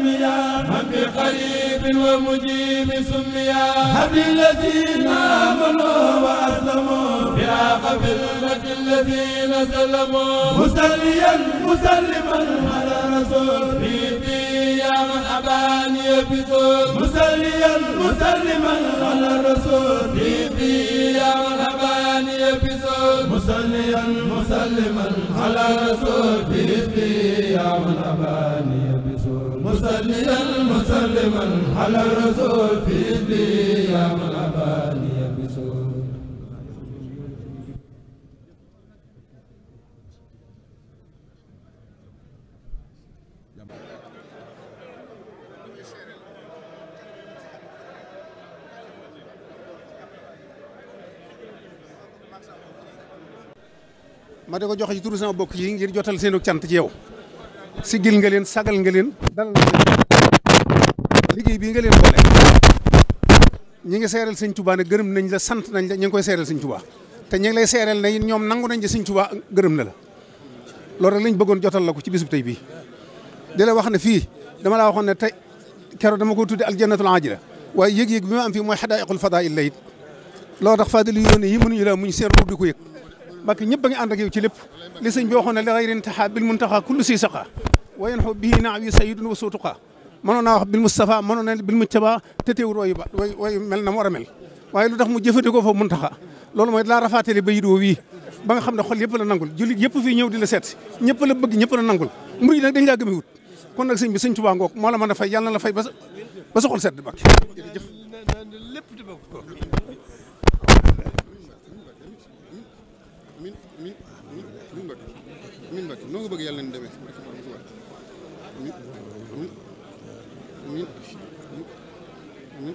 سميا من بقريب ومجيب سميا هب للذين آمنوا وأسلموا يا قبلة الذين سلموا مسليا مسلما على رسول يا من أباني بزول مسليا مسلما على الرسول يا من أباني بزول مسليا مسلما على الرسول يا من أباني مسلما مسلما على الرسول ma di ko joxe ci turu sama bokk yi ngir jotal seenu cant ci siggil nga sagal nga leen dalal nga leen liggéey bii nga leen boole ñi ngi seeral sëñ gërëm nañ la sant nañ la ñi ngi koy seeral sëñ Tuubaa te ñi ngi lay seeral ne ñoom nangu nañ la sëñ Tuubaa gërëm na la loolu rek lañ bëggoon jotal la ko ci bisub tey bii di la wax na fii dama laa waxoon ne tey keroog dama ko tudde aljannatul ajila waaye yëg-yëg bi ma am fii mooy xadaaiqul fadail la it loolu tax fadili yoon yi mënuñu la muñ seen ruub di ko yëg mbak ñëpp ànd ak yow lépp li sëñ bi waxoon ne li xayrin taxaa bil muntaxaa kullu si saqa wa yanxu bihi naaw yi sayidun wa suutuqa mënoon naa wax bil Mustafa mënoon na bil Mujtaba te teewul wayu way way mel na mu war a mel waaye lu tax mu jëfandikoo foofu muntaxa loolu mooy laa rafaatale ba yidoo wii ba xam ne xol yëpp la nangul jullit yëpp fii ñëw di la seet ñëpp la bëgg ñëpp la nangul murid nag dañ laa gëmewut kon nag sëñ bi sëñ Tuubaa ngoog moo la man a fay yàlla na la fay ba sa ba sa xol sedd ba jërëjëf min min min min bëgg yàlla na demee mi mi mi mi